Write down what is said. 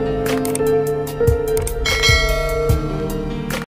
you